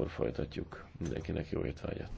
akkor folytatjuk. Mindenkinek jó étvágyat!